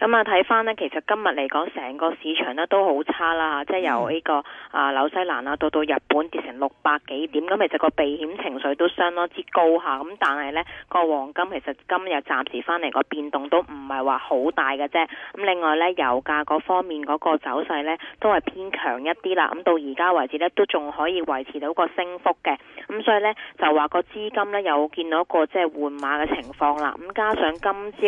咁啊，睇翻呢，其實今日嚟講，成個市場呢都好差啦，即係由呢、這個啊呃、紐西蘭啊到到日本跌成六百幾點，咁其實個避險情緒都相當之高嚇。咁但係呢個黃金其實今日暫時翻嚟個變動都唔係話好大嘅啫。咁另外呢，油價嗰方面嗰個走勢呢都係偏強一啲啦。咁到而家為止呢都仲可以維持到個升幅嘅。咁、嗯、所以呢，就話個資金呢有見到個即係換馬嘅情況啦。咁加上今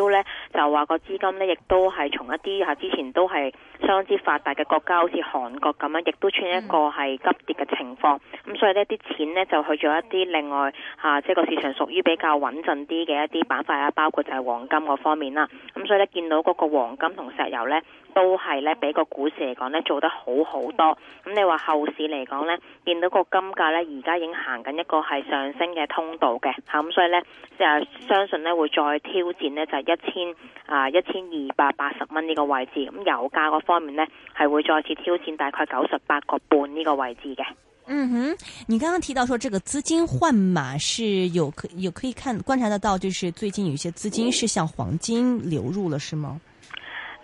朝呢，就話個資金呢亦都。都係從一啲吓，之前都係。相當之發達嘅國家，好似韓國咁樣，亦都出現一個係急跌嘅情況。咁所以呢啲錢呢，就去做一啲另外嚇、啊，即係個市場屬於比較穩陣啲嘅一啲板塊啊，包括就係黃金嗰方面啦。咁所以呢，見到嗰個黃金同石油呢，都係呢，比個股市嚟講呢，做得好好多。咁你話後市嚟講呢，見到個金價呢，而家已經行緊一個係上升嘅通道嘅嚇，咁所以呢，即係相信呢會再挑戰呢，就係一千啊一千二百八十蚊呢個位置。咁油價方面呢係會再次挑戰大概九十八個半呢個位置嘅。嗯哼，你剛剛提到說，這個資金換馬是有可有可以看觀察得到，就是最近有些資金是向黃金流入了，是嗎？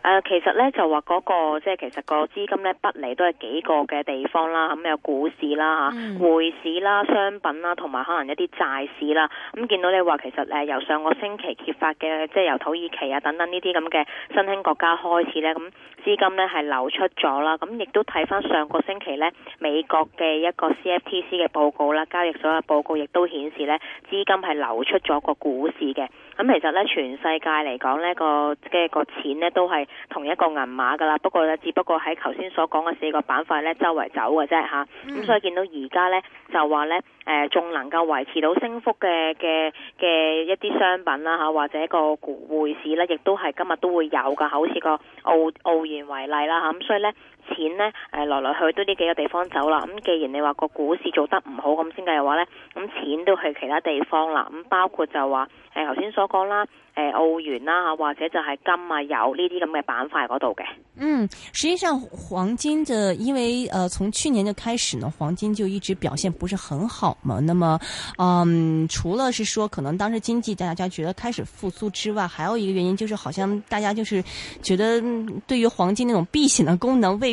誒、呃，其實呢就話嗰、那個即係其實個資金呢，不離都係幾個嘅地方啦，咁、嗯、有股市啦、吓、嗯、匯市啦、商品啦，同埋可能一啲債市啦。咁、嗯、見到你話其實誒由上個星期揭發嘅，即係由土耳其啊等等呢啲咁嘅新興國家開始呢。咁、嗯。資金咧係流出咗啦，咁、嗯、亦都睇翻上個星期咧美國嘅一個 CFTC 嘅報告啦，交易所嘅報告亦都顯示咧資金係流出咗個股市嘅。咁、嗯、其實呢，全世界嚟講呢個嘅個錢咧都係同一個銀碼噶啦，不過呢，只不過喺頭先所講嘅四個板塊呢周圍走嘅啫吓，咁、啊嗯、所以見到而家呢，就話呢，誒、呃、仲能夠維持到升幅嘅嘅嘅一啲商品啦、啊、吓，或者個匯市呢，亦都係今日都會有噶，好似個澳澳元為例啦，咁所以呢。 錢呢，誒來來去去都呢幾個地方走啦。咁既然你話個股市做得唔好咁先計嘅話呢。咁錢都去其他地方啦。咁包括就話，誒頭先所講啦，誒澳元啦或者就係金啊，油呢啲咁嘅板塊嗰度嘅。嗯，實際上黃金就因為，誒、呃、從去年就開始呢，黃金就一直表現不是很好嘛。那麼，嗯，除了是說可能當時經濟大家覺得開始復甦之外，還有一個原因就是好像大家就是覺得對於黃金那種避險的功能未。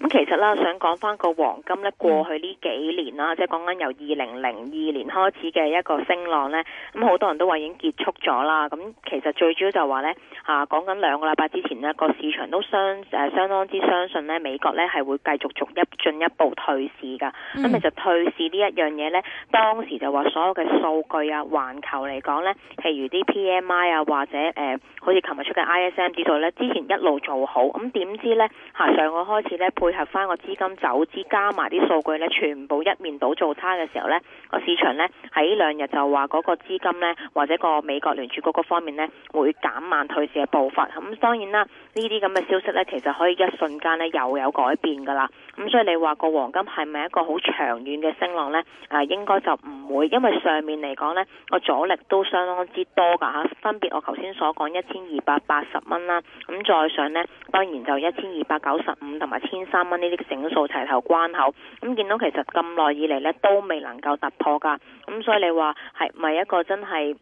咁、嗯、其實啦，想講翻個黃金咧，過去呢幾年啦，即係講緊由二零零二年開始嘅一個升浪咧，咁好多人都話已經結束咗啦。咁其實最主要就話咧，嚇講緊兩個禮拜之前呢個市場都相誒、呃、相當之相信咧，美國咧係會繼續逐一進一步退市㗎。咁其、嗯、就退市一呢一樣嘢咧，當時就話所有嘅數據啊，環球嚟講咧，譬如啲 PMI 啊，或者誒、呃，好似琴日出嘅 ISM 指數咧，之前一路做好，咁點知咧嚇、啊、上個開始咧？配合翻個資金走資，加埋啲數據咧，全部一面倒做差嘅時候咧，個市場咧喺兩日就話嗰個資金咧，或者個美國聯儲局嗰方面咧會減慢退市嘅步伐。咁當然啦，呢啲咁嘅消息咧，其實可以一瞬間咧又有改變噶啦。咁、嗯、所以你話個黃金係咪一個好長遠嘅升浪呢？啊，應該就唔會，因為上面嚟講呢，個阻力都相當之多㗎嚇、啊。分別我頭先所講一千二百八十蚊啦，咁、啊、再上呢，當然就一千二百九十五同埋千三蚊呢啲整數齊頭關口。咁、啊、見到其實咁耐以嚟呢都未能夠突破㗎。咁、啊嗯、所以你話係咪一個真係？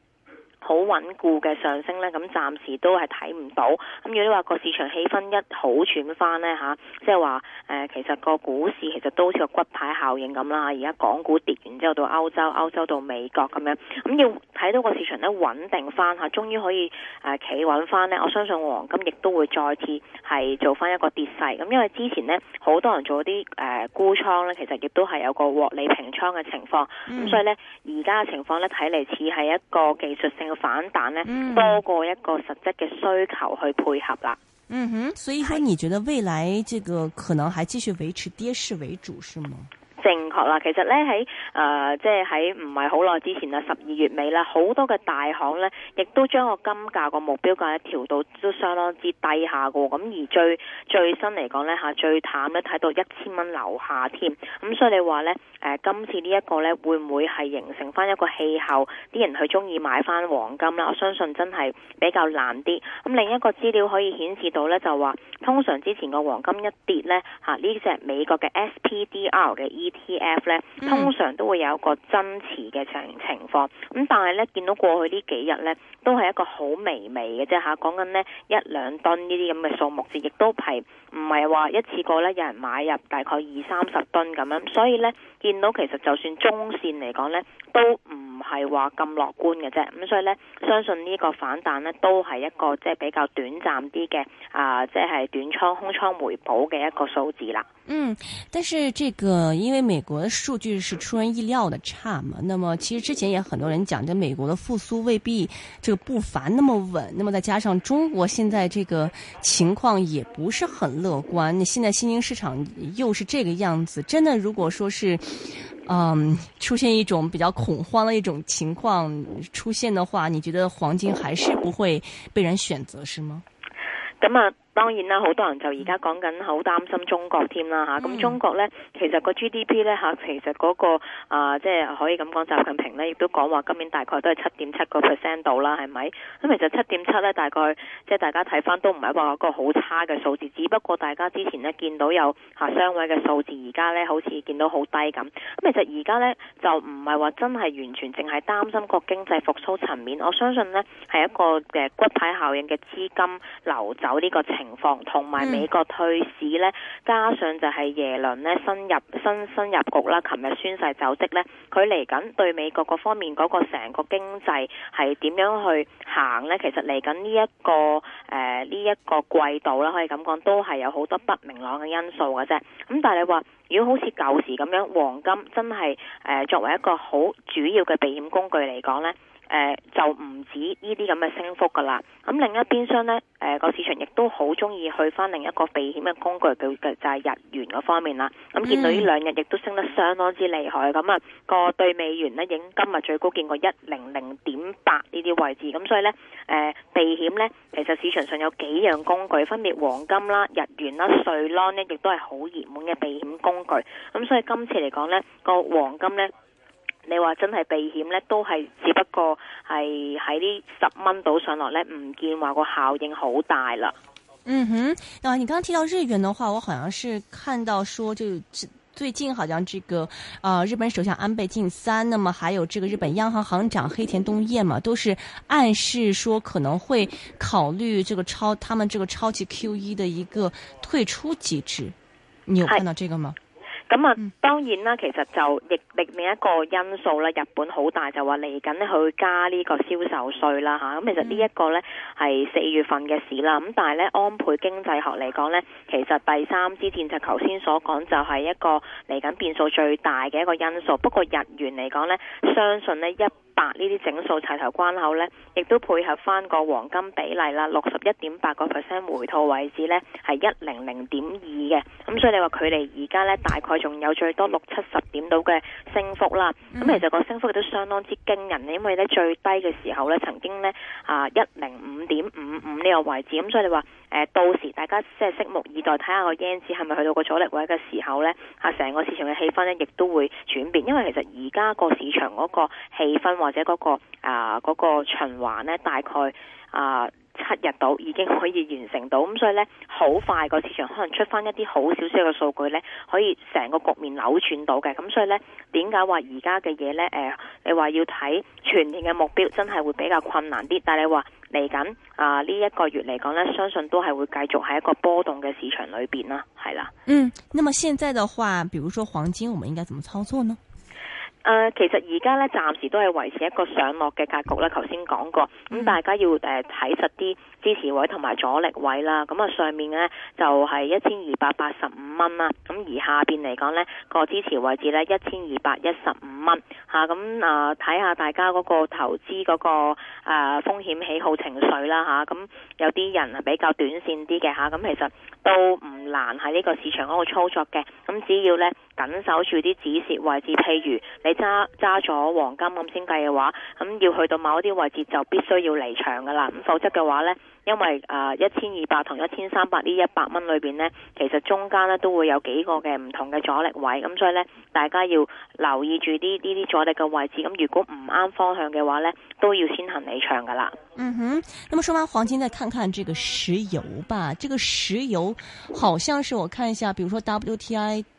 好穩固嘅上升呢，咁暫時都係睇唔到。咁如果你話個市場氣氛一好轉翻呢，吓、啊，即係話誒，其實個股市其實都好似個骨牌效應咁啦。而家港股跌完之後到歐洲，歐洲到美國咁樣，咁要睇到個市場呢穩定翻吓，終於可以誒企、呃、穩翻呢。我相信黃金亦都會再次係做翻一個跌勢。咁因為之前呢好多人做啲誒、呃、沽倉呢，其實亦都係有個獲利平倉嘅情況。咁、mm hmm. 所以呢而家嘅情況呢，睇嚟似係一個技術性。反彈咧多過一個實質嘅需求去配合啦，嗯哼，所以說你覺得未來這個可能還繼續維持跌市為主，是嗎？嗱，其實咧喺誒，即係喺唔係好耐之前啊，十二月尾啦，好多嘅大行咧，亦都將個金價個目標價調到都相當之低下嘅喎。咁而最最新嚟講咧嚇，最淡咧睇到一千蚊樓下添。咁所以你話咧誒，今次呢一個咧會唔會係形成翻一個氣候，啲人去中意買翻黃金咧？我相信真係比較難啲。咁另一個資料可以顯示到咧，就話通常之前個黃金一跌咧嚇，呢、啊、隻美國嘅 SPDR 嘅 ETF F 咧通常都會有一個增持嘅情情況，咁但係咧見到過去呢幾日咧都係一個好微微嘅啫嚇，講緊呢一兩噸呢啲咁嘅數目字，亦都係唔係話一次過咧有人買入大概二三十噸咁樣，所以咧見到其實就算中線嚟講咧都唔。唔係話咁樂觀嘅啫，咁所以呢，相信呢個反彈呢都係一個即係比較短暫啲嘅啊，即係短倉空倉回補嘅一個數字啦。嗯，但是這個因為美國嘅數據是出人意料的差嘛，那麼其實之前也很多人講，就美國的復甦未必這個步伐那麼穩，那麼再加上中國現在這個情況也不是很樂觀，你現在新興市場又是這個樣子，真的如果說是。嗯，um, 出現一種比較恐慌的一種情況出現的話，你覺得黃金還是不會被人選擇是嗎？咁啊。當然啦，好多人就而家講緊好擔心中國添啦嚇，咁、啊、中國呢，其實個 GDP 呢，嚇，其實嗰、那個啊、呃、即係可以咁講，習近平呢亦都講話今年大概都係七點七個 percent 度啦，係咪？咁其實七點七呢，大概即係大家睇翻都唔係話個好差嘅數字，只不過大家之前呢見到有嚇雙位嘅數字，而家呢好似見到好低咁。咁其實而家呢，就唔係話真係完全淨係擔心個經濟復甦層面，我相信呢，係一個嘅骨牌效應嘅資金流走呢個情況同埋美國退市呢，加上就係耶倫呢新入新新入局啦，琴日宣誓就職呢，佢嚟緊對美國各方面嗰個成個經濟係點樣去行呢？其實嚟緊呢一個誒呢一個季度啦，可以咁講，都係有好多不明朗嘅因素嘅啫。咁但係你話如果好似舊時咁樣，黃金真係誒、呃、作為一個好主要嘅避險工具嚟講呢。誒、呃、就唔止呢啲咁嘅升幅噶啦，咁、嗯、另一邊廂呢誒個、呃、市場亦都好中意去翻另一個避險嘅工具，嘅嘅就係、是、日元嗰方面啦。咁、嗯、見到呢兩日亦都升得相當之厲害，咁啊個對美元咧，應今日最高見過一零零點八呢啲位置。咁、嗯、所以呢，誒、呃、避險呢，其實市場上有幾樣工具，分別黃金啦、日元啦、瑞郎呢亦都係好熱門嘅避險工具。咁、嗯、所以今次嚟講呢個黃金呢。你話真係避險呢，都係只不過係喺呢十蚊度上落呢。唔見話個效應好大啦。嗯哼，啊，你剛剛提到日元的話，我好像是看到說就最最近好像這個啊、呃、日本首相安倍晉三，那麼還有這個日本央行行長黑田東彥嘛，都是暗示說可能會考慮這個超他們這個超級 QE 的一個退出機制，你有看到這個嗎？咁啊，嗯、當然啦，其實就逆力一個因素咧，日本好大就話嚟緊咧去加呢個銷售稅啦嚇。咁、啊、其實呢一個呢係四月份嘅事啦。咁但係呢，安倍經濟學嚟講呢，其實第三支箭就頭先所講就係一個嚟緊變數最大嘅一個因素。不過日元嚟講呢，相信呢。一。八呢啲整數齊頭關口呢，亦都配合翻個黃金比例啦，六十一點八個 percent 回吐位置呢，係一零零點二嘅，咁所以你話，距離而家呢，大概仲有最多六七十點到嘅升幅啦，咁其實個升幅都相當之驚人，因為呢最低嘅時候呢，曾經呢，啊一零五點五五呢個位置，咁所以你話。到時大家即係拭目以待，睇下個英紙係咪去到個阻力位嘅時候呢，啊成個市場嘅氣氛呢亦都會轉變，因為其實而家個市場嗰個氣氛或者嗰、嗰個啊嗰、呃嗰個、循環呢，大概啊，呃七日度已經可以完成到，咁所以呢，好快個市場可能出翻一啲好少少嘅數據呢可以成個局面扭轉到嘅。咁所以呢，點解話而家嘅嘢呢，誒，你話要睇全年嘅目標，真係會比較困難啲。但係你話嚟緊啊呢一個月嚟講呢，相信都係會繼續喺一個波動嘅市場裏邊啦。係啦，嗯。那麼現在的話，比如說黃金，我們應該怎麼操作呢？誒，uh, 其實而家咧暫時都係維持一個上落嘅格局啦。頭先講過，咁、嗯、大家要誒睇、呃、實啲支持位同埋阻力位啦。咁、嗯、啊上面咧就係一千二百八十五蚊啦。咁、嗯、而下邊嚟講咧個支持位置咧一千二百一十五蚊。吓咁啊，睇、嗯、下、啊、大家嗰個投資嗰、那個誒、啊、風險喜好情緒啦。吓、啊、咁、嗯、有啲人係比較短綫啲嘅吓，咁、啊嗯、其實。都唔難喺呢個市場嗰度操作嘅，咁只要咧緊守住啲止蝕位置，譬如你揸揸咗黃金咁先計嘅話，咁要去到某一啲位置就必須要離場噶啦，咁否則嘅話咧。因為啊，一千二百同一千三百呢一百蚊裏邊呢，其實中間咧都會有幾個嘅唔同嘅阻力位，咁、嗯、所以呢，大家要留意住呢呢啲阻力嘅位置，咁如果唔啱方向嘅話呢，都要先行離場噶啦。嗯哼，咁啊，說完黃金，再看看呢個石油吧。呢、這個石油好像是我看一下，比如說 WTI。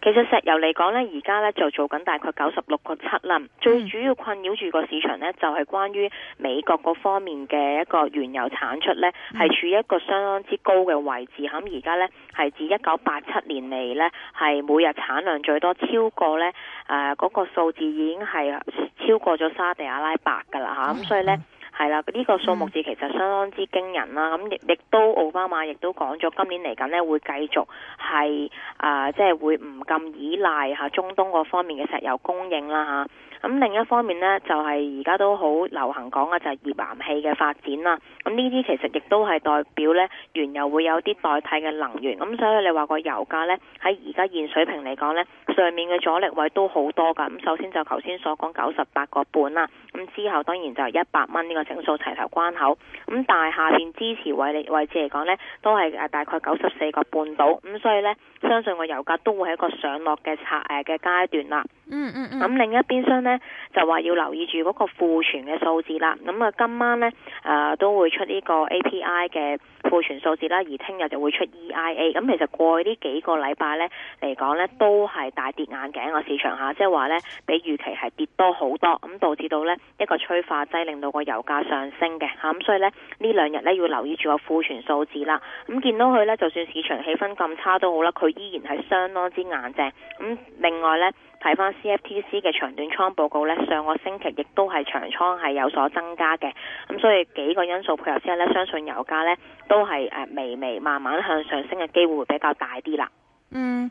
其實石油嚟講呢，而家呢就做緊大概九十六個七啦。最主要困擾住個市場呢，就係、是、關於美國嗰方面嘅一個原油產出呢，係處於一個相當之高嘅位置。咁而家呢，係自一九八七年嚟呢，係每日產量最多超過呢誒嗰、呃那個數字已經係超過咗沙地阿拉伯噶啦吓，咁、嗯、所以呢。係啦，呢、這個數目字其實相當之驚人啦。咁亦亦都奧巴馬亦都講咗，今年嚟緊咧會繼續係啊，即、呃、係、就是、會唔咁依賴嚇中東嗰方面嘅石油供應啦嚇。咁、啊、另一方面呢，就係而家都好流行講嘅就係頁岩氣嘅發展啦。咁呢啲其實亦都係代表呢原油會有啲代替嘅能源。咁、啊、所以你話個油價呢，喺而家現水平嚟講呢。上面嘅阻力位都好多噶，咁首先就頭先所講九十八個半啦，咁之後當然就一百蚊呢個整數齊頭關口，咁但係下邊支持位位置嚟講呢，都係大概九十四個半度，咁所以呢。相信個油價都會係一個上落嘅測誒嘅階段啦、嗯。嗯嗯嗯。咁另一邊廂呢，就話要留意住嗰個庫存嘅數字啦。咁、嗯、啊今晚呢，誒、呃、都會出呢個 API 嘅庫存數字啦，而聽日就會出 EIA。咁、嗯、其實過去呢幾個禮拜呢，嚟講呢，都係大跌眼鏡個市場吓，即係話呢，比預期係跌多好多，咁導致到呢一個催化劑令到個油價上升嘅。咁、嗯、所以呢，呢兩日呢，要留意住個庫存數字啦。咁、嗯、見到佢呢，就算市場氣氛咁差都好啦，依然係相當之硬淨，咁另外呢，睇翻 CFTC 嘅長短倉報告呢，上個星期亦都係長倉係有所增加嘅，咁所以幾個因素配合之下呢，相信油價呢都係誒微微慢慢向上升嘅機會會比較大啲啦。嗯。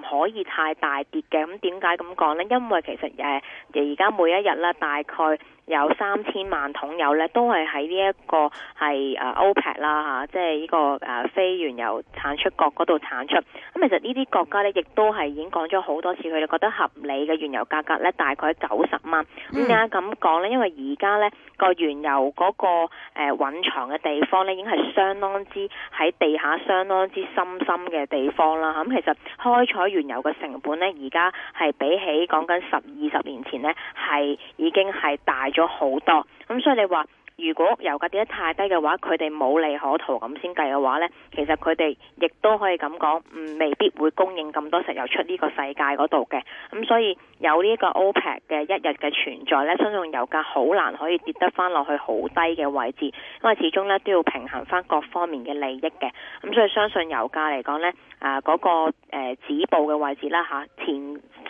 可以太大跌嘅，咁點解咁講呢？因為其實誒而家每一日咧，大概有三千萬桶油咧，都係喺呢一個係誒歐佩克啦吓，即係呢、這個誒非、呃、原油產出國嗰度產出。咁、嗯、其實呢啲國家咧，亦都係已經講咗好多次，佢哋覺得合理嘅原油價格咧，大概九十蚊。咁點解咁講呢？因為而家呢個原油嗰、那個誒蘊藏嘅地方咧，已經係相當之喺地下相當之深深嘅地方啦。咁、嗯、其實開採原原油嘅成本呢，而家係比起講緊十二十年前呢，係已經係大咗好多。咁、嗯、所以你話，如果油價跌得太低嘅話，佢哋冇利可圖咁先計嘅話呢，其實佢哋亦都可以咁講，嗯，未必會供應咁多石油出呢個世界嗰度嘅。咁、嗯、所以有呢個 OPEC 嘅一日嘅存在呢，相信油價好難可以跌得返落去好低嘅位置，因為始終呢都要平衡返各方面嘅利益嘅。咁、嗯、所以相信油價嚟講呢。啊，嗰、那個指、呃、止步嘅位置啦嚇、啊，前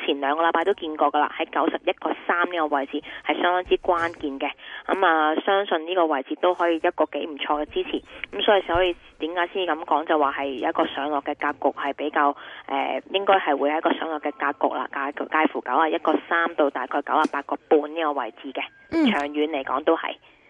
前兩個禮拜都見過噶啦，喺九十一個三呢個位置係相當之關鍵嘅。咁、嗯、啊，相信呢個位置都可以一個幾唔錯嘅支持。咁、嗯、所以所以點解先至咁講，就話係一個上落嘅格局係比較誒、呃，應該係會係一個上落嘅格局啦，介介乎九啊一個三到大概九啊八個半呢個位置嘅，長遠嚟講都係。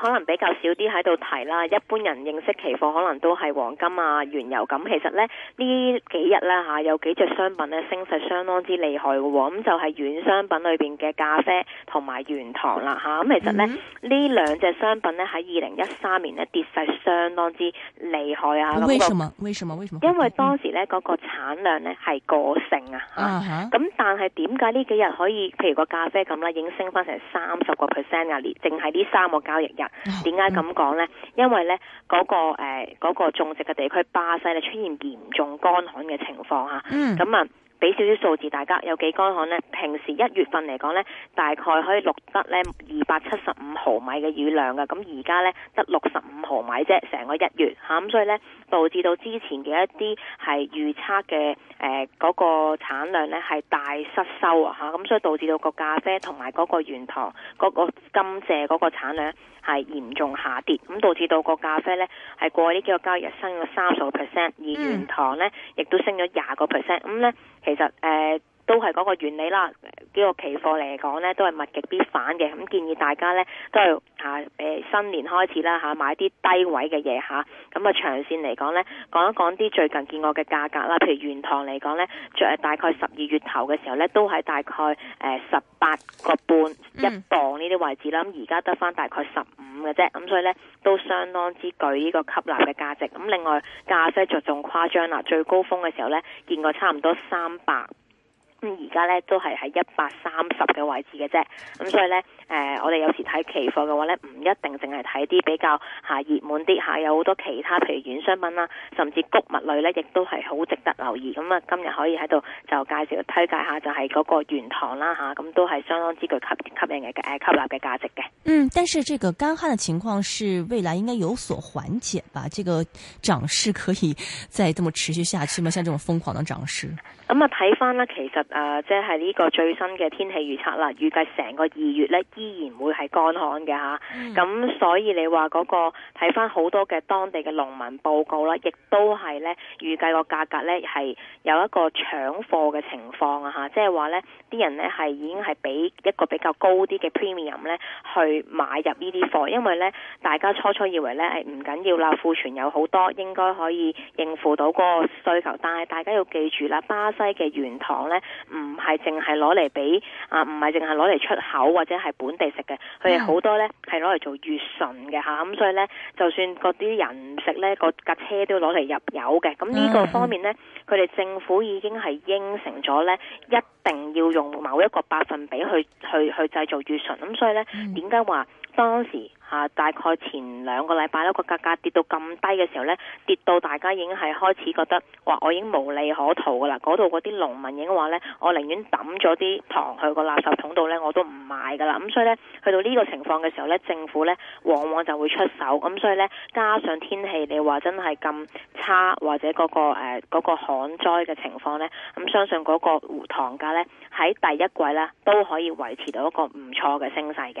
可能比較少啲喺度提啦，一般人認識期貨可能都係黃金啊、原油咁。其實咧呢幾日咧嚇、啊、有幾隻商品咧升勢相當之厲害嘅喎、喔，咁、嗯、就係、是、軟商品裏邊嘅咖啡同埋原糖啦嚇。咁、啊、其實咧呢兩隻、嗯、商品咧喺二零一三年咧跌勢相當之厲害啊！咁、啊嗯、因為當時咧嗰、那個產量咧係過剩啊嚇。咁、啊啊、但係點解呢幾日可以譬如個咖啡咁啦，已經升翻成三十個 percent 啊？年淨係呢三個交易日。點解咁講咧？因為咧、那、嗰個誒嗰、呃嗰個種植嘅地區巴西咧出現嚴重乾旱嘅情況吓，咁啊、嗯。俾少少數字大家，有幾乾旱呢？平時一月份嚟講呢，大概可以錄得呢二百七十五毫米嘅雨量嘅，咁而家呢，得六十五毫米啫，成個一月嚇咁，啊，所以呢，導致到之前嘅一啲係預測嘅誒嗰個產量呢係大失收啊嚇，咁所以導致到個咖啡同埋嗰個原糖嗰個甘蔗嗰個產量係嚴重下跌，咁、啊、導致到個咖啡呢係過呢幾個交易日升咗三十個 percent，而原糖呢亦都升咗廿個 percent，咁呢。啊嗯其實，誒。都係嗰個原理啦，呢個期貨嚟講呢，都係物極必反嘅。咁建議大家呢，都係嚇誒新年開始啦嚇，買啲低位嘅嘢嚇。咁啊長線嚟講呢，講一講啲最近見過嘅價格啦。譬如原糖嚟講呢，大概十二月頭嘅時候呢，都係大概誒十八個半一磅呢啲位置啦。咁而家得返大概十五嘅啫。咁所以呢，都相當之具呢個吸納嘅價值。咁另外咖啡就仲誇張啦，最高峰嘅時候呢，見過差唔多三百。咁而家咧都係喺一百三十嘅位置嘅啫，咁所以咧。誒，我哋有時睇期貨嘅話咧，唔一定淨係睇啲比較吓熱門啲吓，有好多其他，譬如軟商品啦，甚至谷物類咧，亦都係好值得留意。咁啊，今日可以喺度就介紹推介下，就係嗰個原糖啦吓，咁都係相當之具吸吸引嘅誒，吸納嘅價值嘅。嗯，但是這個乾旱嘅情況是未來應該有所緩解吧？這個漲勢可以再這麼持續下去嗎？像這種瘋狂嘅漲勢？咁啊，睇翻啦，其實啊，即係呢個最新嘅天氣預測啦，預計成個二月咧。依然會係乾旱嘅吓，咁、啊、所以你話嗰、個睇翻好多嘅當地嘅農民報告啦，亦都係咧預計個價格咧係有一個搶貨嘅情況啊吓，即係話咧啲人咧係已經係俾一個比較高啲嘅 premium 咧去買入呢啲貨，因為咧大家初初以為咧誒唔緊要啦，庫存有好多應該可以應付到嗰個需求，但係大家要記住啦，巴西嘅原糖咧唔係淨係攞嚟俾啊，唔係淨係攞嚟出口或者係補。本地食嘅佢哋好多咧，係攞嚟做乙醇嘅嚇，咁、嗯、所以咧，就算嗰啲人食咧，個架車都攞嚟入油嘅。咁、嗯、呢、呢個方面咧，佢哋政府已經係應承咗咧，一定要用某一個百分比去去去製造乙醇。咁、嗯、所以咧，點解話當時？啊，大概前兩個禮拜啦，個價格跌到咁低嘅時候呢，跌到大家已經係開始覺得，哇！我已經無利可圖噶啦，嗰度嗰啲農民已經話呢，我寧願抌咗啲糖去個垃圾桶度呢，我都唔賣噶啦。咁所以呢，去到呢個情況嘅時候呢，政府呢往往就會出手。咁所以呢，加上天氣你話真係咁差，或者嗰個誒嗰個旱災嘅情況呢，咁相信嗰個糖價呢，喺第一季呢都可以維持到一個唔錯嘅升勢嘅。